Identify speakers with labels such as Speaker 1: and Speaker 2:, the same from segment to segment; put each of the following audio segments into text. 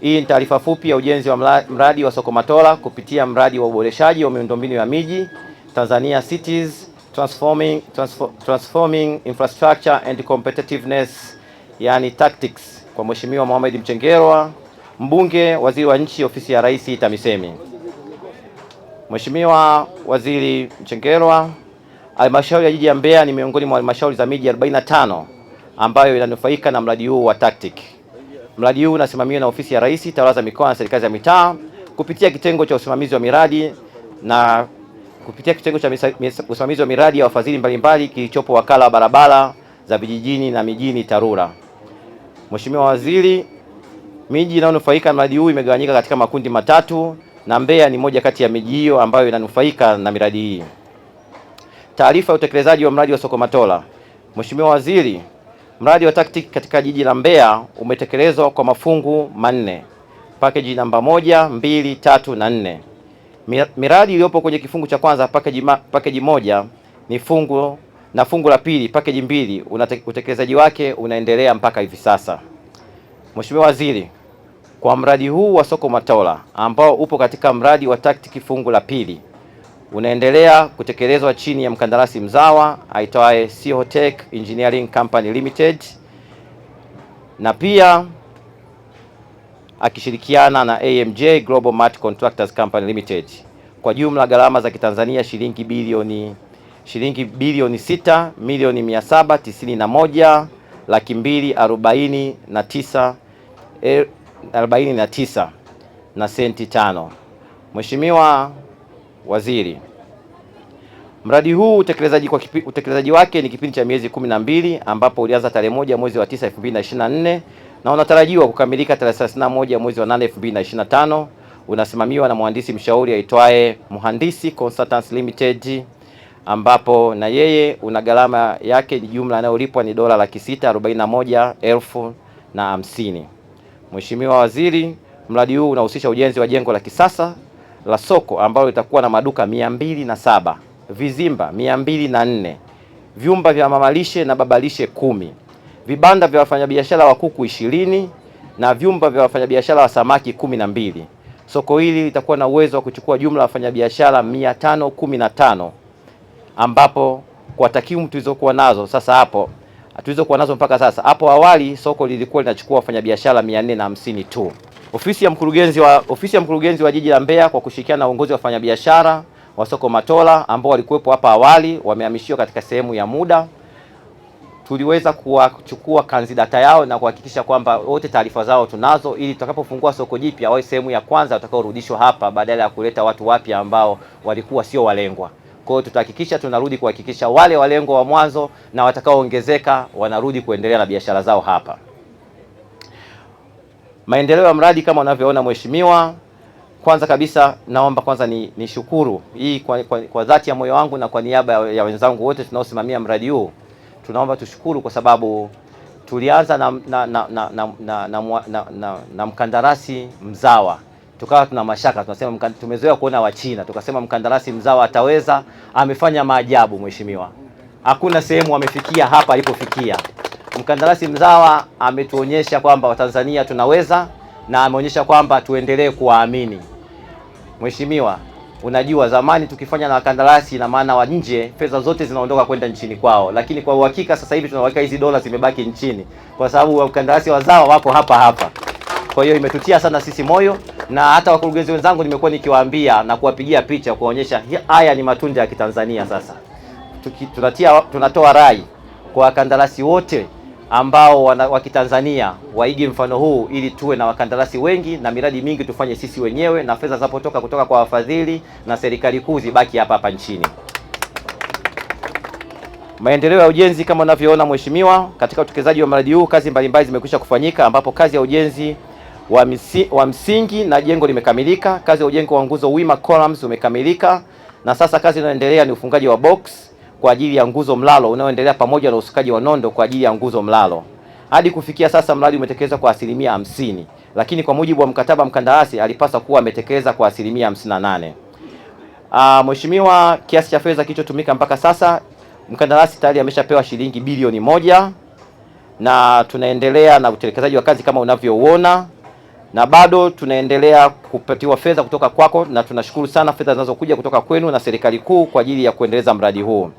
Speaker 1: Hii ni taarifa fupi ya ujenzi wa mradi wa soko Matola kupitia mradi wa uboreshaji wa miundombinu ya miji Tanzania Cities Transforming, Transfor, Transforming Infrastructure and Competitiveness, yani tactics kwa Mheshimiwa Mohamed Mchengerwa, mbunge, waziri wa nchi, ofisi ya Rais, TAMISEMI. Mheshimiwa Waziri Mchengerwa, halmashauri ya jiji ya Mbeya ni miongoni mwa halmashauri za miji 45 ambayo inanufaika na mradi huu wa tactics. Mradi huu unasimamiwa na Ofisi ya Rais, Tawala za Mikoa na Serikali za Mitaa kupitia kitengo cha usimamizi wa miradi na kupitia kitengo cha usimamizi wa miradi ya wafadhili mbalimbali kilichopo Wakala wa Barabara za Vijijini na Mijini TARURA. Mheshimiwa Waziri, miji inayonufaika na mradi huu imegawanyika katika makundi matatu na Mbeya ni moja kati ya miji hiyo ambayo inanufaika na miradi hii. Taarifa ya utekelezaji wa mradi wa Sokomatola. Mheshimiwa Waziri, Mradi wa TACTIC katika jiji la Mbeya umetekelezwa kwa mafungu manne, package namba moja, mbili, tatu na nne. Miradi iliyopo kwenye kifungu cha kwanza package, ma, package moja ni fungu na fungu la pili package mbili, utekelezaji wake unaendelea mpaka hivi sasa. Mheshimiwa Waziri, kwa mradi huu wa soko Matola ambao upo katika mradi wa TACTIC fungu la pili unaendelea kutekelezwa chini ya mkandarasi mzawa aitwaye Sihotech Engineering Company Limited na pia akishirikiana na AMJ Global Mart Contractors Company Limited kwa jumla gharama za kitanzania shilingi bilioni shilingi bilioni sita milioni mia saba tisini na moja laki mbili arobaini na tisa eh, arobaini na tisa na senti tano. Mheshimiwa waziri. Mradi huu utekelezaji, kwa kipi, utekelezaji wake ni kipindi cha miezi kumi na mbili ambapo ulianza tarehe moja mwezi wa tisa elfu mbili na ishirini na nne na unatarajiwa kukamilika tarehe thelathini na moja mwezi wa nane elfu mbili na ishirini na tano Unasimamiwa na mhandisi mshauri aitwaye Mhandisi Consultants Limited ambapo na yeye una gharama yake, ni jumla inayolipwa ni dola laki sita arobaini na moja elfu na hamsini. Mheshimiwa Waziri, mradi huu unahusisha ujenzi wa jengo la kisasa la soko ambalo litakuwa na maduka mia mbili na saba, vizimba mia mbili na nne, vyumba vya mamalishe na babalishe kumi, vibanda vya wafanyabiashara wa kuku ishirini na vyumba vya wafanyabiashara wa samaki kumi na mbili. Soko hili litakuwa na uwezo wa kuchukua jumla ya wafanyabiashara mia tano kumi na tano ambapo kwa takwimu tulizokuwa nazo sasa hapo tulizokuwa nazo mpaka sasa, hapo awali soko lilikuwa linachukua wafanyabiashara mia nne na hamsini tu. Ofisi ya mkurugenzi wa ofisi ya mkurugenzi wa jiji la Mbeya kwa kushirikiana na uongozi wa wafanyabiashara wa soko Matola ambao walikuwepo hapa awali wamehamishiwa katika sehemu ya muda. Tuliweza kuwachukua kanzi data yao na kuhakikisha kwamba wote taarifa zao tunazo, ili tutakapofungua soko jipya wawe sehemu ya kwanza watakaorudishwa hapa badala ya kuleta watu wapya ambao walikuwa sio walengwa. Kwa hiyo tutahakikisha tunarudi kuhakikisha wale walengwa wa mwanzo na watakaoongezeka wanarudi kuendelea na biashara zao hapa. Maendeleo ya mradi kama unavyoona mheshimiwa, kwanza kabisa naomba kwanza ni, nishukuru shukuru hii kwa, kwa, kwa dhati ya moyo wangu na kwa niaba ya, ya wenzangu wote tunaosimamia mradi huu tunaomba tushukuru kwa sababu tulianza na, na, na, na, na, na, na, na, na, na mkandarasi mzawa tukawa tuna mashaka, tunasema tumezoea kuona Wachina, tukasema mkandarasi mzawa ataweza. Amefanya maajabu mheshimiwa, hakuna sehemu amefikia hapa alipofikia mkandarasi mzawa ametuonyesha kwamba Watanzania tunaweza na ameonyesha kwamba tuendelee kuwaamini. Mheshimiwa, unajua zamani tukifanya na wakandarasi na maana wa nje, fedha zote zinaondoka kwenda nchini kwao, lakini kwa uhakika sasa hivi tunaweka hizi dola zimebaki nchini, kwa sababu wakandarasi wazawa wako hapa hapa. Kwa hiyo imetutia sana sisi moyo, na hata wakurugenzi wenzangu nimekuwa nikiwaambia na kuwapigia picha kuonyesha haya ni matunda ya Kitanzania. Sasa tunatia tunatoa rai kwa wakandarasi wote ambao wa Kitanzania waige mfano huu ili tuwe na wakandarasi wengi na miradi mingi tufanye sisi wenyewe, na fedha zinapotoka kutoka kwa wafadhili na serikali kuu zibaki hapa hapa nchini. Maendeleo ya ujenzi kama unavyoona mheshimiwa, katika utekelezaji wa mradi huu kazi mbalimbali zimekwisha kufanyika, ambapo kazi ya ujenzi wa, misi, wa msingi na jengo limekamilika. Kazi ya ujenzi wa nguzo wima columns umekamilika, na sasa kazi inayoendelea ni ufungaji wa box kwa ajili ya nguzo mlalo unaoendelea pamoja na usukaji wa nondo kwa ajili ya nguzo mlalo. Hadi kufikia sasa mradi umetekelezwa kwa asilimia hamsini, lakini kwa mujibu wa mkataba mkandarasi alipaswa kuwa ametekeleza kwa asilimia hamsini na nane. Ah, mheshimiwa, kiasi cha fedha kilichotumika mpaka sasa mkandarasi tayari ameshapewa shilingi bilioni moja na tunaendelea na utekelezaji wa kazi kama unavyoona, na bado tunaendelea kupatiwa fedha kutoka kwako, na tunashukuru sana fedha zinazokuja kutoka kwenu na serikali kuu kwa ajili ya kuendeleza mradi huu.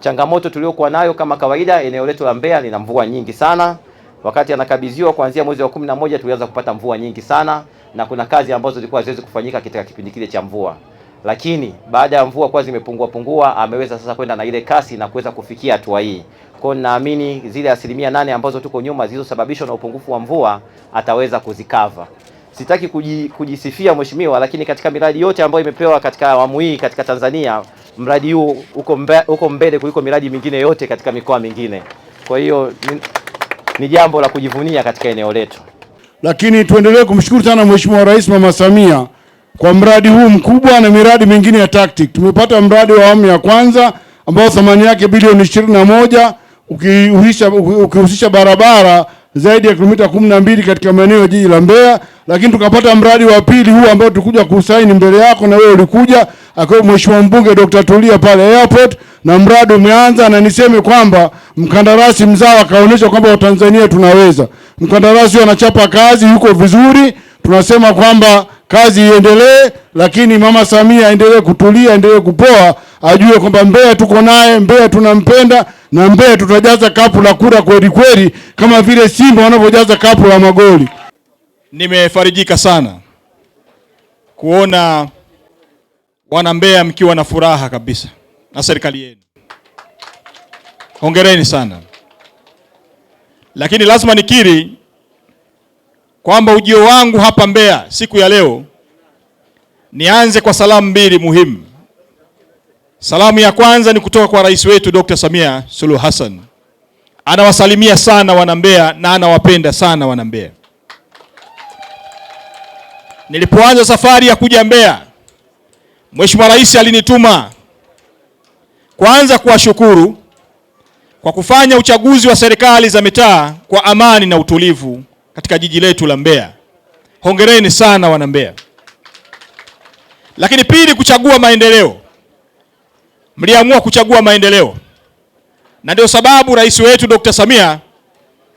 Speaker 1: Changamoto tuliokuwa nayo kama kawaida, eneo letu la Mbeya lina mvua nyingi sana. Wakati anakabidhiwa kuanzia mwezi wa kumi na moja tulianza kupata mvua nyingi sana, na kuna kazi ambazo zilikuwa haziwezi kufanyika katika kipindi kile cha mvua, lakini baada ya mvua kuwa zimepungua pungua, ameweza sasa kwenda na ile kasi na kuweza kufikia hatua hii. Kwa hiyo naamini zile asilimia nane ambazo tuko nyuma zilizosababishwa na upungufu wa mvua ataweza kuzikava. Sitaki kujisifia mheshimiwa, lakini katika miradi yote ambayo imepewa katika awamu hii katika Tanzania mradi huu uko, mbe, uko mbele kuliko miradi mingine yote katika mikoa mingine. Kwa hiyo ni, ni jambo la kujivunia katika
Speaker 2: eneo letu, lakini tuendelee kumshukuru sana Mheshimiwa Rais Mama Samia kwa mradi huu mkubwa na miradi mingine ya TACTIC. Tumepata mradi wa awamu ya kwanza ambao thamani yake bilioni ishirini na moja ukihusisha barabara zaidi ya kilomita kumi na mbili katika maeneo ya jiji la Mbeya, lakini tukapata mradi wa pili huu ambao tulikuja kusaini mbele yako na wewe ulikuja, akiwa mheshimiwa mbunge Dr. Tulia pale airport, na mradi umeanza, na niseme kwamba mkandarasi mzawa akaonyesha kwamba Watanzania tunaweza. Mkandarasi anachapa kazi, yuko vizuri, tunasema kwamba kazi iendelee, lakini mama Samia aendelee kutulia, aendelee kupoa, ajue kwamba Mbeya tuko naye, Mbeya tunampenda na Mbeya tutajaza kapu la kura kweli kweli, kama vile Simba wanavyojaza kapu la magoli.
Speaker 3: Nimefarijika sana kuona wana Mbeya mkiwa na furaha kabisa na serikali yenu, hongereni sana, lakini lazima nikiri kwamba ujio wangu hapa Mbeya siku ya leo, nianze kwa salamu mbili muhimu. Salamu ya kwanza ni kutoka kwa rais wetu Dr. Samia Suluhu Hassan, anawasalimia sana wana Mbeya na anawapenda sana wana Mbeya. Nilipoanza safari ya kuja Mbeya, Mheshimiwa Rais alinituma kwanza kuwashukuru kwa kufanya uchaguzi wa serikali za mitaa kwa amani na utulivu katika jiji letu la Mbeya. Hongereni sana wana Mbeya. Lakini pili, kuchagua maendeleo. Mliamua kuchagua maendeleo, na ndio sababu rais wetu Dr. Samia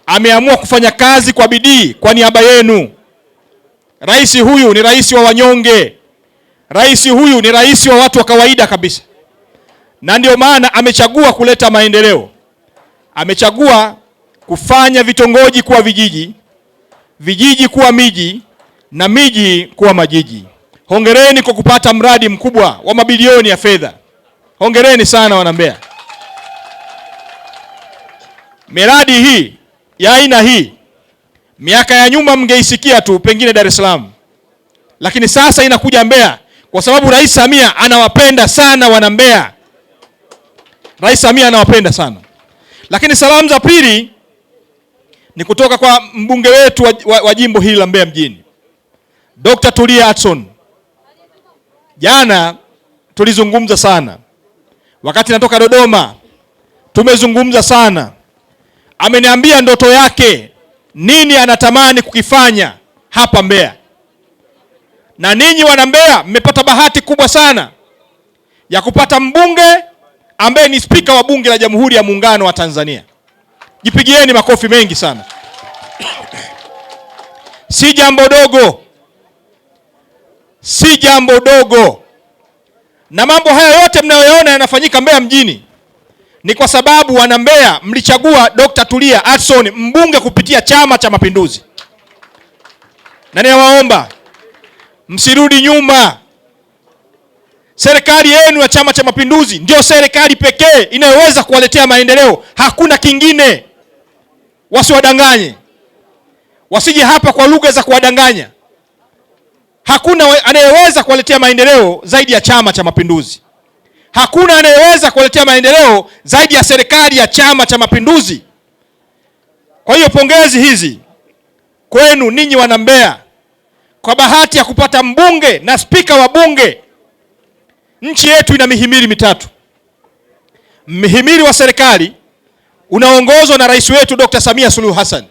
Speaker 3: ameamua kufanya kazi kwa bidii kwa niaba yenu. Rais huyu ni rais wa wanyonge, rais huyu ni rais wa watu wa kawaida kabisa, na ndio maana amechagua kuleta maendeleo. Amechagua kufanya vitongoji kuwa vijiji, vijiji kuwa miji na miji kuwa majiji. Hongereni kwa kupata mradi mkubwa wa mabilioni ya fedha. Hongereni sana wana Mbeya. Miradi hii ya aina hii miaka ya nyuma mngeisikia tu pengine Dar es Salaam, lakini sasa inakuja Mbeya kwa sababu Rais Samia anawapenda sana wana Mbeya. Rais Samia anawapenda sana. Lakini salamu za pili ni kutoka kwa mbunge wetu wa, wa, wa jimbo hili la Mbeya mjini Dr. Tulia Hudson. Jana tulizungumza sana, wakati natoka Dodoma tumezungumza sana. Ameniambia ndoto yake nini anatamani kukifanya hapa Mbeya, na ninyi wana Mbeya mmepata bahati kubwa sana ya kupata mbunge ambaye ni spika wa bunge la Jamhuri ya Muungano wa Tanzania. Jipigieni makofi mengi sana. Si jambo dogo, si jambo dogo. Na mambo haya yote mnayoyaona yanafanyika Mbeya mjini ni kwa sababu wana Mbeya mlichagua Dr. Tulia Ackson mbunge kupitia Chama cha Mapinduzi, na ninawaomba msirudi nyuma. Serikali yenu ya Chama cha Mapinduzi ndio serikali pekee inayoweza kuwaletea maendeleo, hakuna kingine wasiwadanganye, wasije hapa kwa lugha za kuwadanganya. Hakuna anayeweza kuwaletea maendeleo zaidi ya Chama cha Mapinduzi. Hakuna anayeweza kuwaletea maendeleo zaidi ya serikali ya Chama cha Mapinduzi. Kwa hiyo pongezi hizi kwenu ninyi wana Mbeya kwa bahati ya kupata mbunge na spika wa bunge. Nchi yetu ina mihimili mitatu: mhimili wa serikali, unaongozwa na rais wetu Dr. Samia Suluhu Hassan.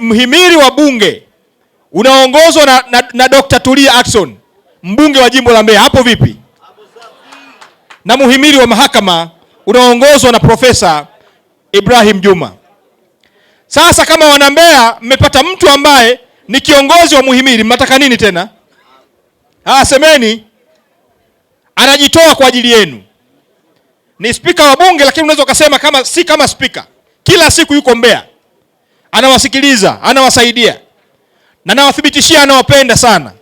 Speaker 3: Mhimili wa bunge unaongozwa na, na, na Dr. Tulia Ackson, mbunge wa jimbo la Mbeya. Hapo vipi? Na muhimili wa mahakama unaongozwa na Profesa Ibrahim Juma. Sasa kama wanambeya mmepata mtu ambaye ni kiongozi wa muhimili, mnataka nini tena? Ah, semeni, anajitoa kwa ajili yenu ni spika wa bunge, lakini unaweza ukasema kama si kama spika, kila siku yuko Mbeya, anawasikiliza, anawasaidia na nawathibitishia, anawapenda sana.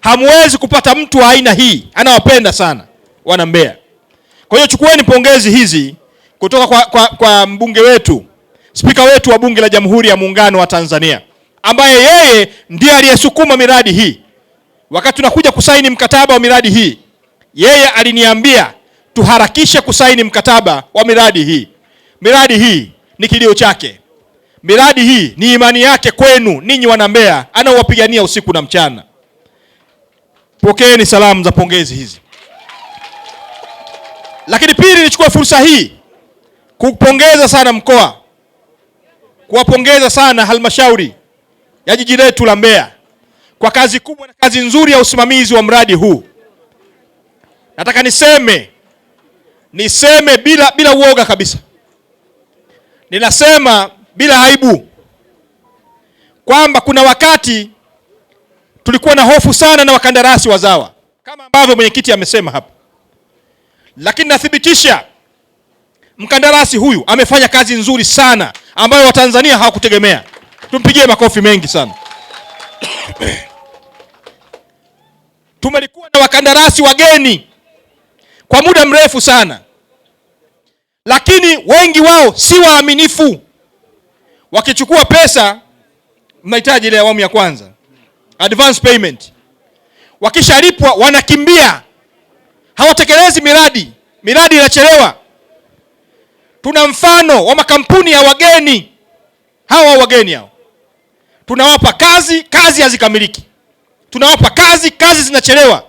Speaker 3: Hamwezi kupata mtu wa aina hii, anawapenda sana wana Mbeya. Kwa hiyo chukueni pongezi hizi kutoka kwa, kwa, kwa mbunge wetu, spika wetu wa bunge la Jamhuri ya Muungano wa Tanzania, ambaye yeye ndiye aliyesukuma miradi hii. Wakati tunakuja kusaini mkataba wa miradi hii, yeye aliniambia tuharakishe kusaini mkataba wa miradi hii. Miradi hii ni kilio chake, miradi hii ni imani yake kwenu ninyi wana Mbeya, anaowapigania usiku na mchana. Pokeeni salamu za pongezi hizi. Lakini pili, nichukue fursa hii kupongeza sana mkoa, kuwapongeza sana halmashauri ya jiji letu la Mbeya kwa kazi kubwa na kazi nzuri ya usimamizi wa mradi huu. Nataka niseme niseme bila, bila uoga kabisa, ninasema bila aibu kwamba kuna wakati tulikuwa na hofu sana na wakandarasi wazawa kama ambavyo mwenyekiti amesema hapo, lakini nathibitisha mkandarasi huyu amefanya kazi nzuri sana ambayo Watanzania hawakutegemea. Tumpigie makofi mengi sana. Tumelikuwa na wakandarasi wageni kwa muda mrefu sana, lakini wengi wao si waaminifu. Wakichukua pesa, mnahitaji ile awamu ya kwanza advance payment, wakishalipwa wanakimbia, hawatekelezi miradi, miradi inachelewa. Tuna mfano wa makampuni ya wageni hawa, wageni hao tunawapa kazi, kazi hazikamiliki, tunawapa kazi, kazi zinachelewa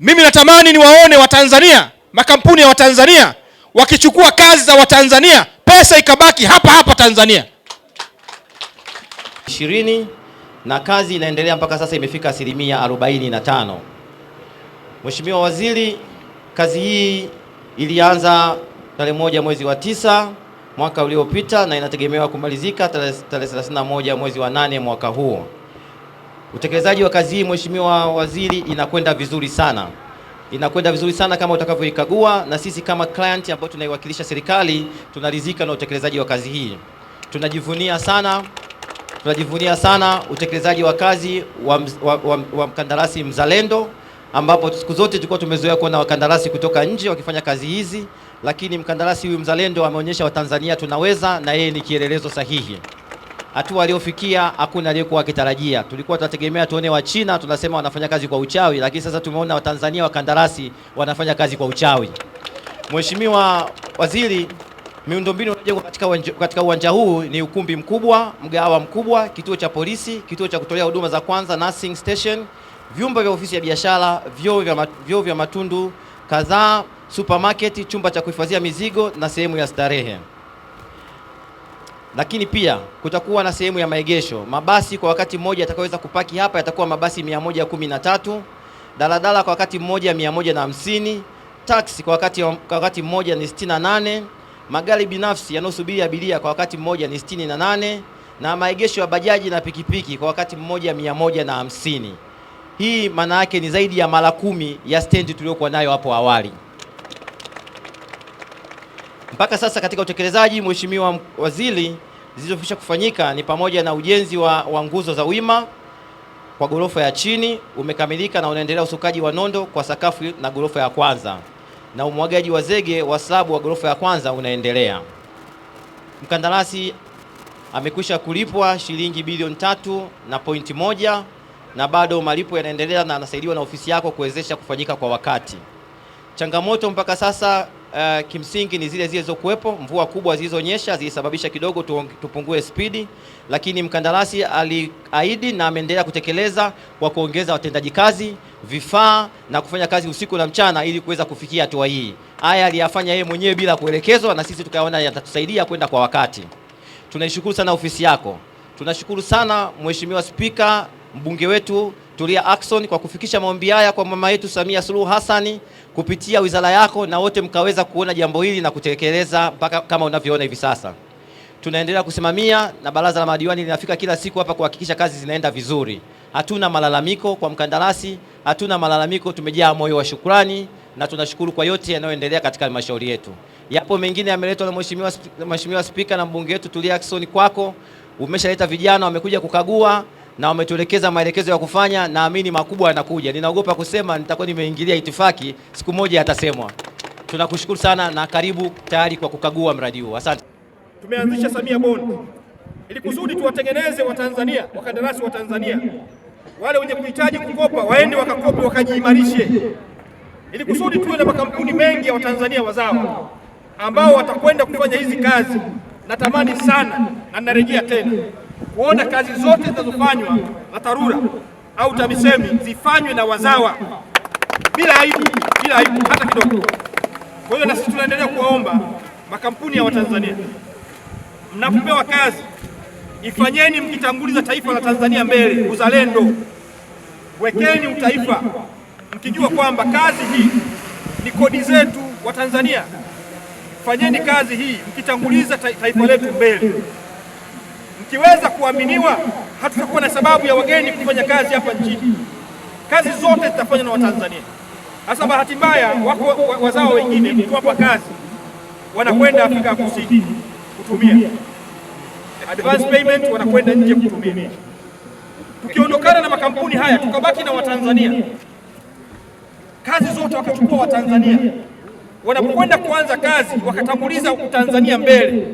Speaker 3: mimi natamani niwaone Watanzania, makampuni ya Watanzania wakichukua kazi za Watanzania, pesa ikabaki hapa hapa Tanzania
Speaker 1: ishirini, na kazi inaendelea mpaka sasa imefika asilimia arobaini na tano. Mheshimiwa Waziri, kazi hii ilianza tarehe moja mwezi wa tisa mwaka uliopita na inategemewa kumalizika tarehe 31 mwezi wa nane mwaka huu. Utekelezaji wa kazi hii Mheshimiwa Waziri, inakwenda vizuri sana, inakwenda vizuri sana kama utakavyoikagua, na sisi kama client ambao tunaiwakilisha serikali tunaridhika na utekelezaji wa kazi hii. Tunajivunia sana, tunajivunia sana utekelezaji wa kazi wa, wa, wa, wa mkandarasi mzalendo, ambapo siku zote tulikuwa tumezoea kuona wakandarasi kutoka nje wakifanya kazi hizi, lakini mkandarasi huyu mzalendo ameonyesha Watanzania tunaweza, na yeye ni kielelezo sahihi hatua aliyofikia hakuna aliyekuwa akitarajia. Tulikuwa tunategemea tuone wa China tunasema wanafanya kazi kwa uchawi, lakini sasa tumeona Watanzania wakandarasi wanafanya kazi kwa uchawi. Mheshimiwa Waziri, miundombinu inayojengwa katika, katika uwanja huu ni ukumbi mkubwa, mgahawa mkubwa, kituo cha polisi, kituo cha kutolea huduma za kwanza, nursing station, vyumba vya ofisi ya biashara, vyoo vya matundu kadhaa, supermarket, chumba cha kuhifadhia mizigo na sehemu ya starehe lakini pia kutakuwa na sehemu ya maegesho. Mabasi kwa wakati mmoja yatakayoweza kupaki hapa yatakuwa mabasi 113, daladala kwa wakati mmoja 150, taksi kwa wakati, kwa wakati mmoja ni 68, magari binafsi yanayosubiri abiria kwa wakati mmoja ni 68 na maegesho ya bajaji na pikipiki kwa wakati mmoja 150. Hii maana yake ni zaidi ya mara kumi ya stendi tuliyokuwa nayo hapo awali. Mpaka sasa katika utekelezaji, Mheshimiwa Waziri, zilizofisha kufanyika ni pamoja na ujenzi wa, wa nguzo za wima kwa ghorofa ya chini umekamilika na unaendelea usukaji wa nondo kwa sakafu na ghorofa ya kwanza na umwagaji wa zege wa slabu wa ghorofa ya kwanza unaendelea. Mkandarasi amekwisha kulipwa shilingi bilioni tatu na pointi moja na bado malipo yanaendelea na anasaidiwa na ofisi yako kuwezesha kufanyika kwa wakati. Changamoto mpaka sasa uh, kimsingi ni zile zilizokuwepo. Mvua kubwa zilizonyesha zilisababisha kidogo tupungue spidi, lakini mkandarasi aliahidi na ameendelea kutekeleza kwa kuongeza watendaji kazi, vifaa na kufanya kazi usiku na mchana ili kuweza kufikia hatua hii. Haya aliyafanya yeye mwenyewe bila kuelekezwa, na sisi tukaona yatatusaidia kwenda kwa wakati. Tunaishukuru sana ofisi yako, tunashukuru sana Mheshimiwa Spika, mbunge wetu Tulia Ackson kwa kufikisha maombi haya kwa mama yetu Samia Suluhu Hassani kupitia wizara yako na wote mkaweza kuona jambo hili na kutekeleza mpaka kama unavyoona hivi sasa. Tunaendelea kusimamia na baraza la madiwani linafika kila siku hapa kuhakikisha kazi zinaenda vizuri. Hatuna malalamiko kwa mkandarasi, hatuna malalamiko, tumejaa moyo wa shukrani na tunashukuru kwa yote yanayoendelea katika halmashauri yetu. Yapo mengine yameletwa na mheshimiwa Spika na mbunge wetu Tulia Ackson kwako, umeshaleta vijana wamekuja kukagua na wametuelekeza maelekezo ya kufanya. Naamini makubwa yanakuja, ninaogopa kusema, nitakuwa nimeingilia itifaki, siku moja yatasemwa. Tunakushukuru sana na karibu tayari kwa kukagua
Speaker 4: mradi huu. Asante. Tumeanzisha Samia Bond ili kusudi tuwatengeneze Watanzania, wakandarasi wa Tanzania, wale wenye kuhitaji kukopa waende wakakope, wakajiimarishe, ili kusudi tuwe na makampuni mengi ya Watanzania wazao ambao watakwenda kufanya hizi kazi. Natamani sana na narejea tena kuona kazi zote zinazofanywa na TARURA au TAMISEMI zifanywe na wazawa bila aibu, bila aibu hata kidogo. Kwa hiyo na sisi tunaendelea kuwaomba makampuni ya Watanzania, mnapopewa kazi ifanyeni mkitanguliza taifa la Tanzania mbele, uzalendo, wekeni utaifa, mkijua kwamba kazi hii ni kodi zetu wa Tanzania. Fanyeni kazi hii mkitanguliza taifa letu mbele tukiweza kuaminiwa, hatutakuwa na sababu ya wageni kufanya kazi hapa nchini. Kazi zote zitafanywa na Watanzania. Sasa bahati mbaya, wako wazao wengine kuwapa kazi, wanakwenda Afrika ya Kusini kutumia advance payment, wanakwenda nje kutumia. Tukiondokana na makampuni haya tukabaki na Watanzania, kazi zote wakachukua Watanzania, wanapokwenda kuanza kazi wakatanguliza Utanzania mbele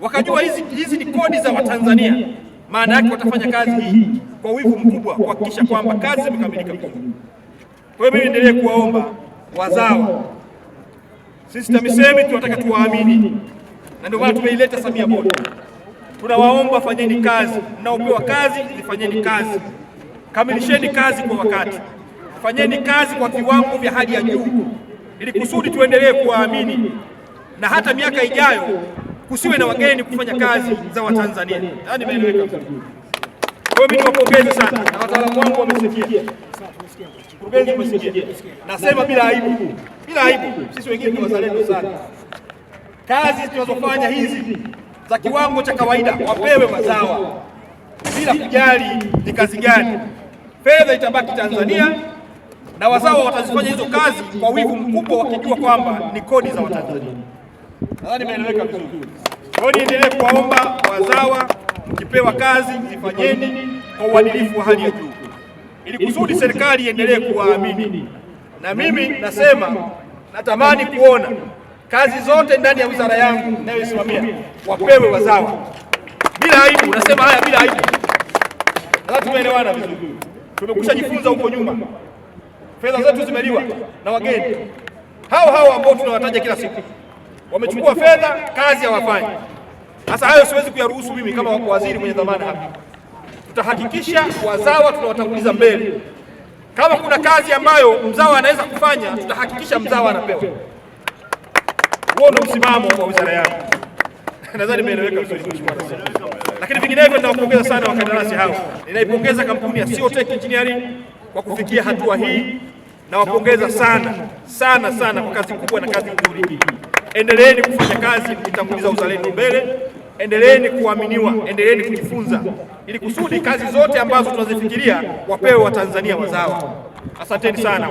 Speaker 4: wakajua hizi, hizi ni kodi za Watanzania, maana yake watafanya kazi hii kwa wivu mkubwa kuhakikisha kwamba kazi zimekamilika vizuri. Kwa hiyo mimi endelee kuwaomba wazao sisi TAMISEMI tunataka tuwaamini, na ndio maana tumeileta Samia Bodi. Tunawaomba fanyeni kazi, mnaopewa kazi zifanyeni kazi, kamilisheni kazi kwa wakati, fanyeni kazi kwa viwango vya hali ya juu, ili kusudi tuendelee kuwaamini na hata miaka ijayo kusiwe na wageni kufanya kazi za Watanzania. Yaani, yaani imeeleweka. Kwa mimi niwapongeze sana na wataalamu wangu wamesikia. Mkurugenzi umesikia. Nasema bila aibu. Bila aibu. Sisi wengine ni wazalendo sana. Kazi tunazofanya hizi za kiwango cha kawaida wapewe mazawa bila kujali ni kazi gani. Fedha itabaki Tanzania na wazawa watazifanya hizo kazi kwa wivu mkubwa, wakijua kwamba ni kodi za Watanzania. Nadhani nimeeleweka vizuri. Kwa hiyo niendelee kuwaomba wazawa, mkipewa kazi zifanyeni kwa uadilifu wa hali ya juu ili kusudi serikali iendelee kuwaamini. Na mimi nasema natamani kuona kazi zote ndani ya wizara yangu inayoisimamia wapewe wazawa bila aibu. Nasema haya bila aibu. Sasa tumeelewana vizuri, tumekusha jifunza huko nyuma, fedha zetu zimeliwa na wageni hao hao ambao tunawataja kila siku wamechukua fedha, kazi hawafanyi. Sasa hayo siwezi kuyaruhusu mimi kama wako waziri mwenye dhamana hapa. Tutahakikisha wazawa tunawatanguliza mbele. Kama kuna kazi ambayo mzawa anaweza kufanya, tutahakikisha mzawa anapewa. Huo ndio msimamo wa wizara yangu. Nadhani nimeeleweka vizuri, Mheshimiwa Rais. Lakini vinginevyo, ninawapongeza sana wakandarasi hao. Ninaipongeza kampuni ya Siotech Engineering kwa kufikia hatua hii. Nawapongeza sana sana sana kwa kazi kubwa na kazi nzuri. Endeleeni kufanya kazi kuitanguliza uzalendo mbele, endeleeni kuaminiwa, endeleeni kujifunza, ili kusudi kazi zote ambazo tunazifikiria wapewe Watanzania wazawa. Asanteni sana.